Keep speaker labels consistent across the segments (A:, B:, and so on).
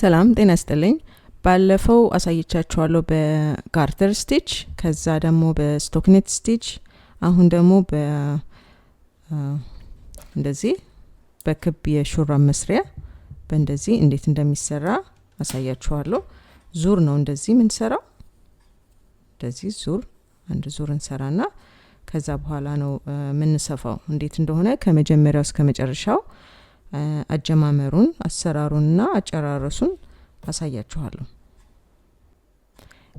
A: ሰላም ጤና ስጥልኝ። ባለፈው አሳይቻችኋለሁ በጋርተር ስቲች፣ ከዛ ደግሞ በስቶክኔት ስቲች፣ አሁን ደግሞ እንደዚህ በክብ የሹራብ መስሪያ በእንደዚህ እንዴት እንደሚሰራ አሳያችኋለሁ። ዙር ነው እንደዚህ የምንሰራው። እንደዚህ ዙር አንድ ዙር እንሰራና ከዛ በኋላ ነው የምንሰፋው። እንዴት እንደሆነ ከመጀመሪያው እስከ መጨረሻው አጀማመሩን አሰራሩንና አጨራረሱን አሳያችኋለሁ።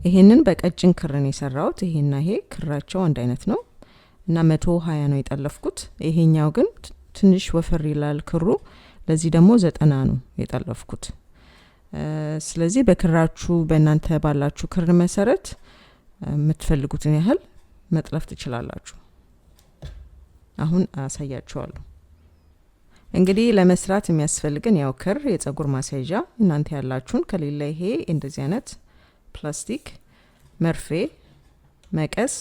A: ይሄንን በቀጭን ክርን የሰራሁት ይሄና ይሄ ክራቸው አንድ አይነት ነው እና መቶ ሀያ ነው የጠለፍኩት። ይሄኛው ግን ትንሽ ወፈር ይላል ክሩ፣ ለዚህ ደግሞ ዘጠና ነው የጠለፍኩት። ስለዚህ በክራችሁ በእናንተ ባላችሁ ክር መሰረት የምትፈልጉትን ያህል መጥለፍ ትችላላችሁ። አሁን አሳያችኋለሁ። እንግዲህ ለመስራት የሚያስፈልገን ያው ክር፣ የጸጉር ማስያዣ እናንተ ያላችሁን፣ ከሌለ ይሄ እንደዚህ አይነት ፕላስቲክ መርፌ፣ መቀስ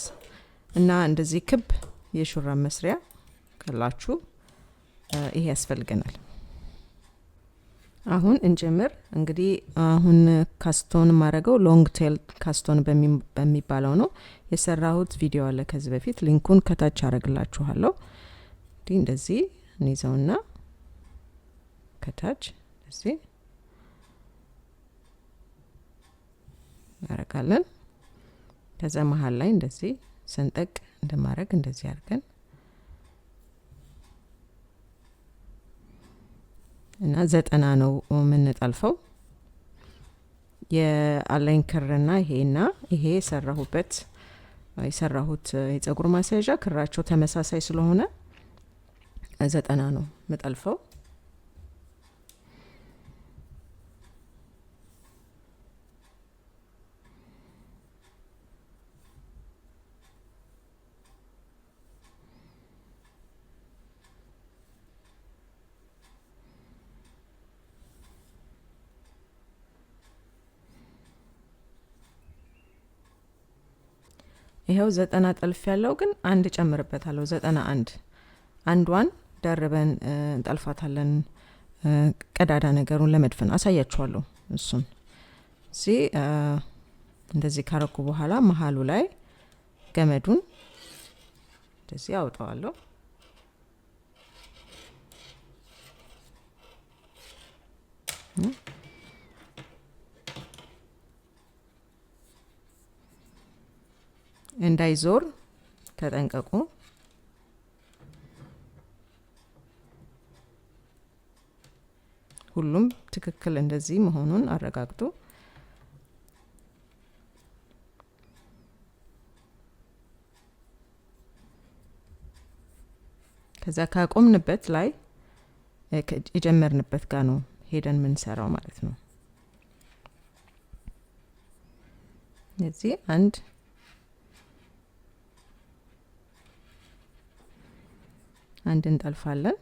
A: እና እንደዚህ ክብ የሹራብ መስሪያ ካላችሁ ይሄ ያስፈልገናል። አሁን እንጀምር። እንግዲህ አሁን ካስቶን ማድረገው ሎንግ ቴል ካስቶን በሚባለው ነው የሰራሁት። ቪዲዮ አለ ከዚህ በፊት ሊንኩን ከታች አረግላችኋለሁ። እንዲህ እንደዚህ እንይዘውና ከታች እዚህ እናረጋለን። ከዛ መሀል ላይ እንደዚህ ሰንጠቅ እንደማድረግ እንደዚህ አድርገን እና ዘጠና ነው የምንጠልፈው። የአላይን ክርና ይሄና ይሄ የሰራሁበት የሰራሁት የጸጉር ማስያዣ ክራቸው ተመሳሳይ ስለሆነ ዘጠና ነው የምጠልፈው። ይኸው ዘጠና ጠልፍ ያለው ግን አንድ ጨምርበታለሁ። ዘጠና አንድ አንዷን ደርበን እንጠልፋታለን። ቀዳዳ ነገሩን ለመድፈን አሳያችኋለሁ። እሱን እዚህ እንደዚህ ካረኩ በኋላ መሀሉ ላይ ገመዱን እንደዚህ አውጠዋለሁ። እንዳይዞር ተጠንቀቁ። ሁሉም ትክክል እንደዚህ መሆኑን አረጋግጡ። ከዛ ካቆምንበት ላይ የጀመርንበት ጋር ነው ሄደን የምንሰራው ማለት ነው። እዚህ አንድ አንድ እንጠልፋለን፣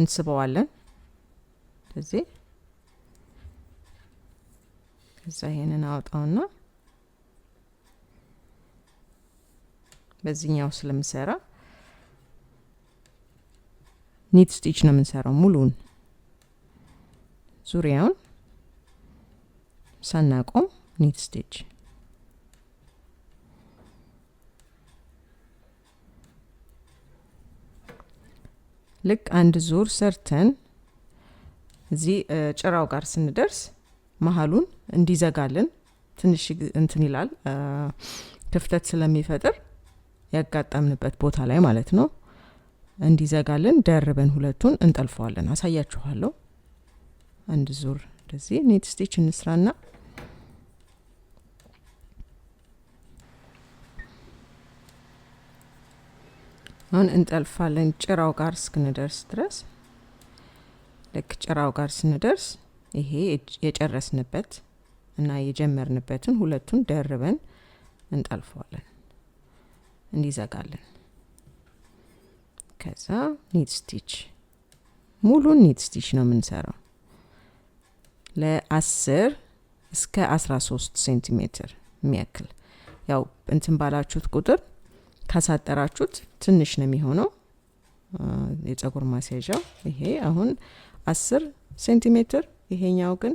A: እንስበዋለን እዚህ ከዛ ይሄንን አውጣውና በዚህኛው ስለምሰራ ኒት ስቲች ነው የምንሰራው። ሙሉን ዙሪያውን ሳናቆም ኒት ስቲች ልክ አንድ ዙር ሰርተን እዚህ ጭራው ጋር ስንደርስ መሀሉን እንዲዘጋልን ትንሽ እንትን ይላል ክፍተት ስለሚፈጥር ያጋጠምንበት ቦታ ላይ ማለት ነው። እንዲዘጋልን ደርበን ሁለቱን እንጠልፈዋለን። አሳያችኋለሁ። አንድ ዙር እንደዚህ ኔት ስቲች እንስራና አሁን እንጠልፋለን ጭራው ጋር እስክንደርስ ድረስ። ልክ ጭራው ጋር ስንደርስ ይሄ የጨረስንበት እና የጀመርንበትን ሁለቱን ደርበን እንጠልፈዋለን፣ እንዲዘጋለን። ከዛ ኒት ስቲች ሙሉን ኒት ስቲች ነው የምንሰራው ለአስር እስከ አስራ ሶስት ሴንቲሜትር የሚያክል ያው እንትን ባላችሁት ቁጥር ካሳጠራችሁት ትንሽ ነው የሚሆነው የጸጉር ማስያዣው ይሄ አሁን አስር ሴንቲሜትር ይሄኛው ግን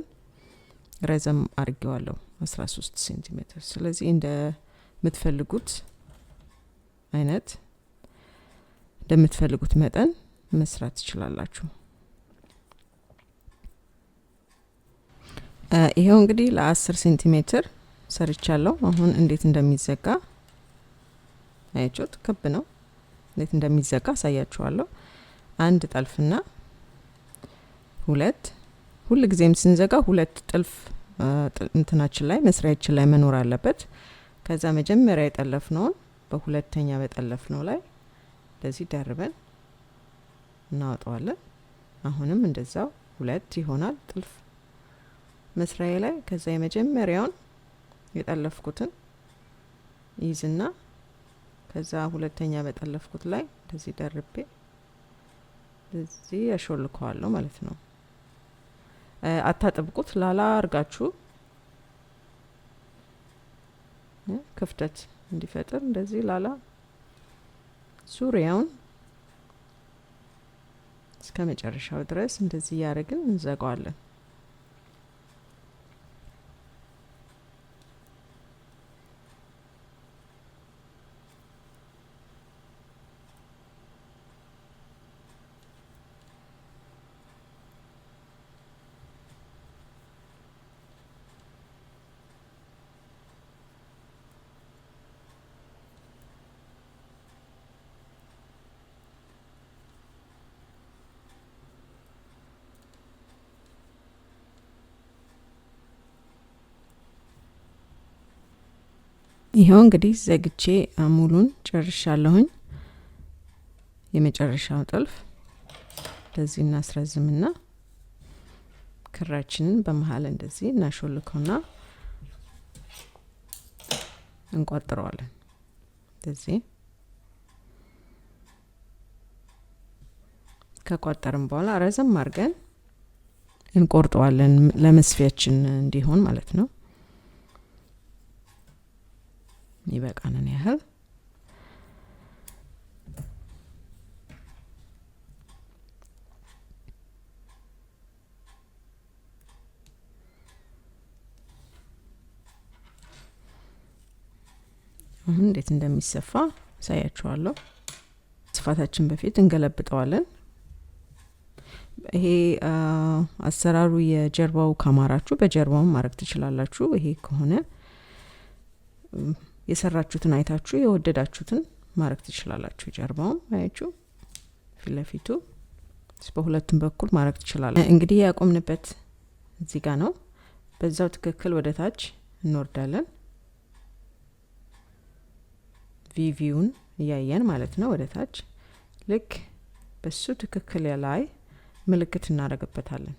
A: ረዘም አድርጌዋለሁ አስራ ሶስት ሴንቲሜትር ስለዚህ ምትፈልጉት አይነት እንደምትፈልጉት መጠን መስራት ትችላላችሁ። ይሄው እንግዲህ ለአስር ሴንቲሜትር ሰርቻለሁ። አሁን እንዴት እንደሚዘጋ አያችሁት? ክብ ነው። እንዴት እንደሚዘጋ አሳያችኋለሁ። አንድ ጠልፍና ሁለት ሁል ጊዜም ስንዘጋ ሁለት ጥልፍ እንትናችን ላይ መስሪያችን ላይ መኖር አለበት። ከዛ መጀመሪያ የጠለፍ ነውን በሁለተኛ በጠለፍነው ላይ እንደዚህ ደርበን እናወጣዋለን። አሁንም እንደዛው ሁለት ይሆናል ጥልፍ መስሪያ ላይ ከዛ የመጀመሪያውን የጠለፍኩትን ይዝና ከዛ ሁለተኛ በጠለፍኩት ላይ እንደዚህ ደርቤ እዚህ ያሾልከዋለሁ ማለት ነው። አታጥብቁት ላላ አርጋችሁ ክፍተት እንዲፈጥር እንደዚህ ላላ ዙሪያውን እስከ መጨረሻው ድረስ እንደዚህ እያደረግን እንዘጋዋለን። ይኸው እንግዲህ ዘግቼ ሙሉን ጨርሻለሁኝ። የመጨረሻው ጥልፍ እንደዚህ እናስረዝምና ክራችንን በመሀል እንደዚህ እናሾልከውና እንቋጥረዋለን። እንደዚህ ከቋጠርን በኋላ ረዘም አድርገን እንቆርጠዋለን ለመስፊያችን እንዲሆን ማለት ነው። ይበቃንን ያህል አሁን እንዴት እንደሚሰፋ አሳያችኋለሁ። ስፋታችን በፊት እንገለብጠዋለን። ይሄ አሰራሩ የጀርባው ካማራችሁ በጀርባውም ማድረግ ትችላላችሁ። ይሄ ከሆነ የሰራችሁትን አይታችሁ የወደዳችሁትን ማድረግ ትችላላችሁ። ጀርባውም አያችሁ፣ ፊት ለፊቱ በሁለቱም በኩል ማድረግ ትችላላችሁ። እንግዲህ ያቆምንበት እዚህ ጋ ነው። በዛው ትክክል ወደ ታች እንወርዳለን። ቪቪውን እያየን ማለት ነው። ወደ ታች ልክ በሱ ትክክል ላይ ምልክት እናደርግበታለን።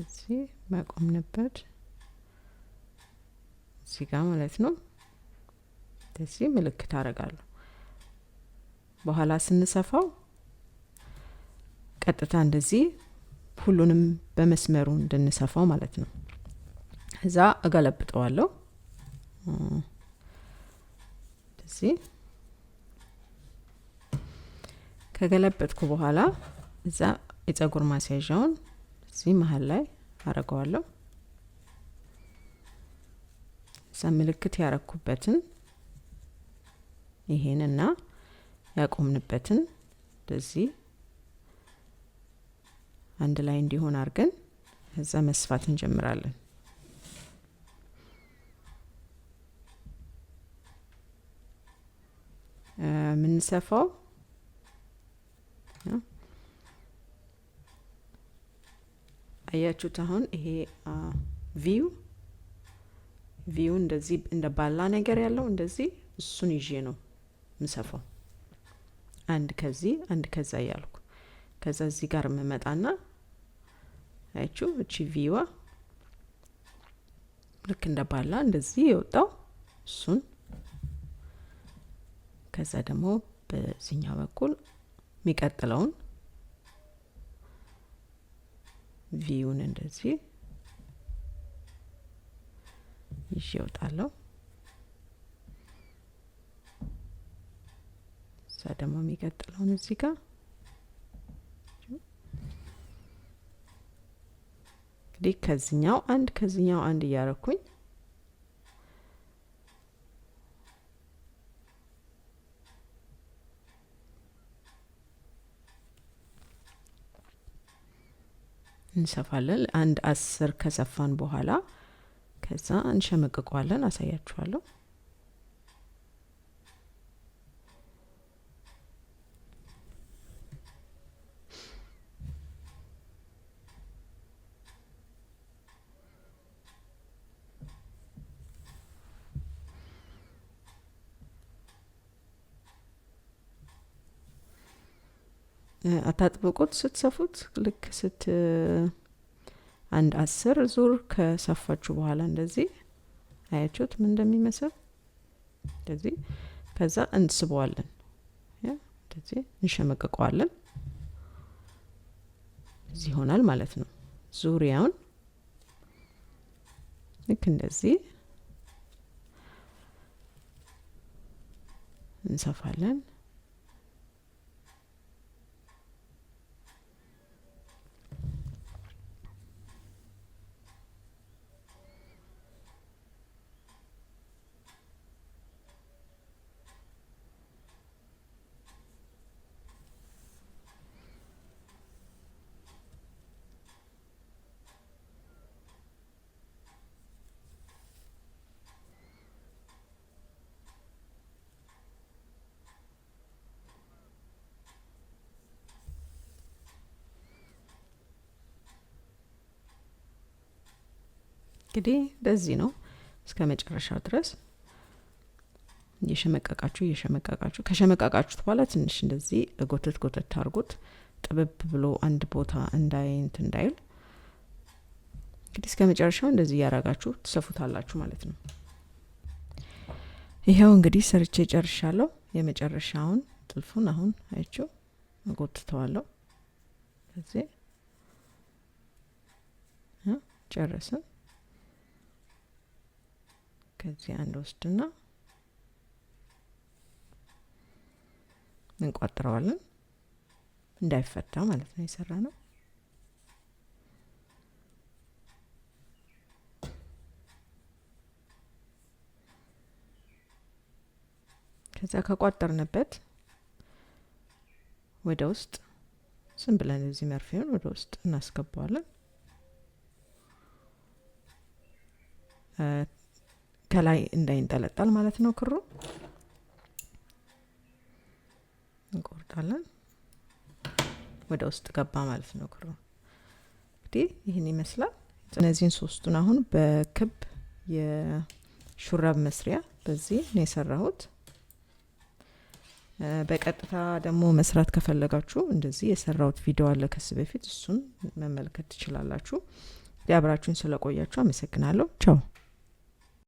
A: እዚህ ማቆምንበት እዚህ ጋር ማለት ነው። እዚህ ምልክት አደርጋለሁ። በኋላ ስንሰፋው ቀጥታ እንደዚህ ሁሉንም በመስመሩ እንድንሰፋው ማለት ነው። እዛ እገለብጠዋለሁ እዚህ ከገለበጥኩ በኋላ እዛ የጸጉር ማስያዣውን እዚህ መሀል ላይ አረገዋለሁ። ሰ ምልክት ያረኩበትን ይሄንና ያቆምንበትን እንደዚህ አንድ ላይ እንዲሆን አድርገን እዛ መስፋት እንጀምራለን። የምንሰፋው አያችሁት። አሁን ይሄ ቪው ቪው እንደዚህ እንደ ባላ ነገር ያለው እንደዚህ እሱን ይዤ ነው ምሰፋው። አንድ ከዚህ አንድ ከዛ እያልኩ ከዛ እዚህ ጋር የምመጣና አያችሁ እቺ ቪዋ ልክ እንደ ባላ እንደዚህ የወጣው እሱን ከዛ ደግሞ በዚህኛው በኩል የሚቀጥለውን ቪውን እንደዚህ ይዤ እወጣለሁ። እዛ ደግሞ የሚቀጥለውን እዚህ ጋር እንግዲህ ከዚኛው አንድ ከዚኛው አንድ እያረኩኝ እንሰፋለን። አንድ አስር ከሰፋን በኋላ ከዛ እንሸመቅቀዋለን። አሳያችኋለሁ። አታጥብቁት ስትሰፉት ልክ ስት አንድ አስር ዙር ከሰፋችሁ በኋላ እንደዚህ አያችሁት ምን እንደሚመስል እንደዚህ ከዛ እንስበዋለን እንደዚህ እንሸመቅቀዋለን እዚህ ይሆናል ማለት ነው ዙሪያውን ልክ እንደዚህ እንሰፋለን እንግዲህ በዚህ ነው እስከ መጨረሻው ድረስ እየሸመቀቃችሁ እየሸመቀቃችሁ ከሸመቀቃችሁት በኋላ ትንሽ እንደዚህ ጎተት ጎተት ታርጉት ጥብብ ብሎ አንድ ቦታ እንዳይንት እንዳይል እንግዲህ እስከ መጨረሻው እንደዚህ እያረጋችሁ ትሰፉታላችሁ ማለት ነው። ይኸው እንግዲህ ሰርቼ ጨርሻለሁ። የመጨረሻውን ጥልፉን አሁን አይችው እጎትተዋለሁ። እዚህ ጨረስን። ከዚህ አንድ ወስድና እንቋጥረዋለን እንዳይፈታ ማለት ነው የሰራ ነው። ከዛ ከቋጠርንበት ወደ ውስጥ ዝም ብለን እዚህ መርፌውን ወደ ውስጥ እናስገባዋለን። ከላይ እንዳይንጠለጠል ማለት ነው። ክሩ እንቆርጣለን። ወደ ውስጥ ገባ ማለት ነው። ክሩ እንግዲህ ይህን ይመስላል። እነዚህን ሶስቱን አሁን በክብ የሹራብ መስሪያ በዚህ ነው የሰራሁት። በቀጥታ ደግሞ መስራት ከፈለጋችሁ እንደዚህ የሰራሁት ቪዲዮ አለ ከስ በፊት እሱን መመልከት ትችላላችሁ። አብራችሁን ስለቆያችሁ አመሰግናለሁ። ቻው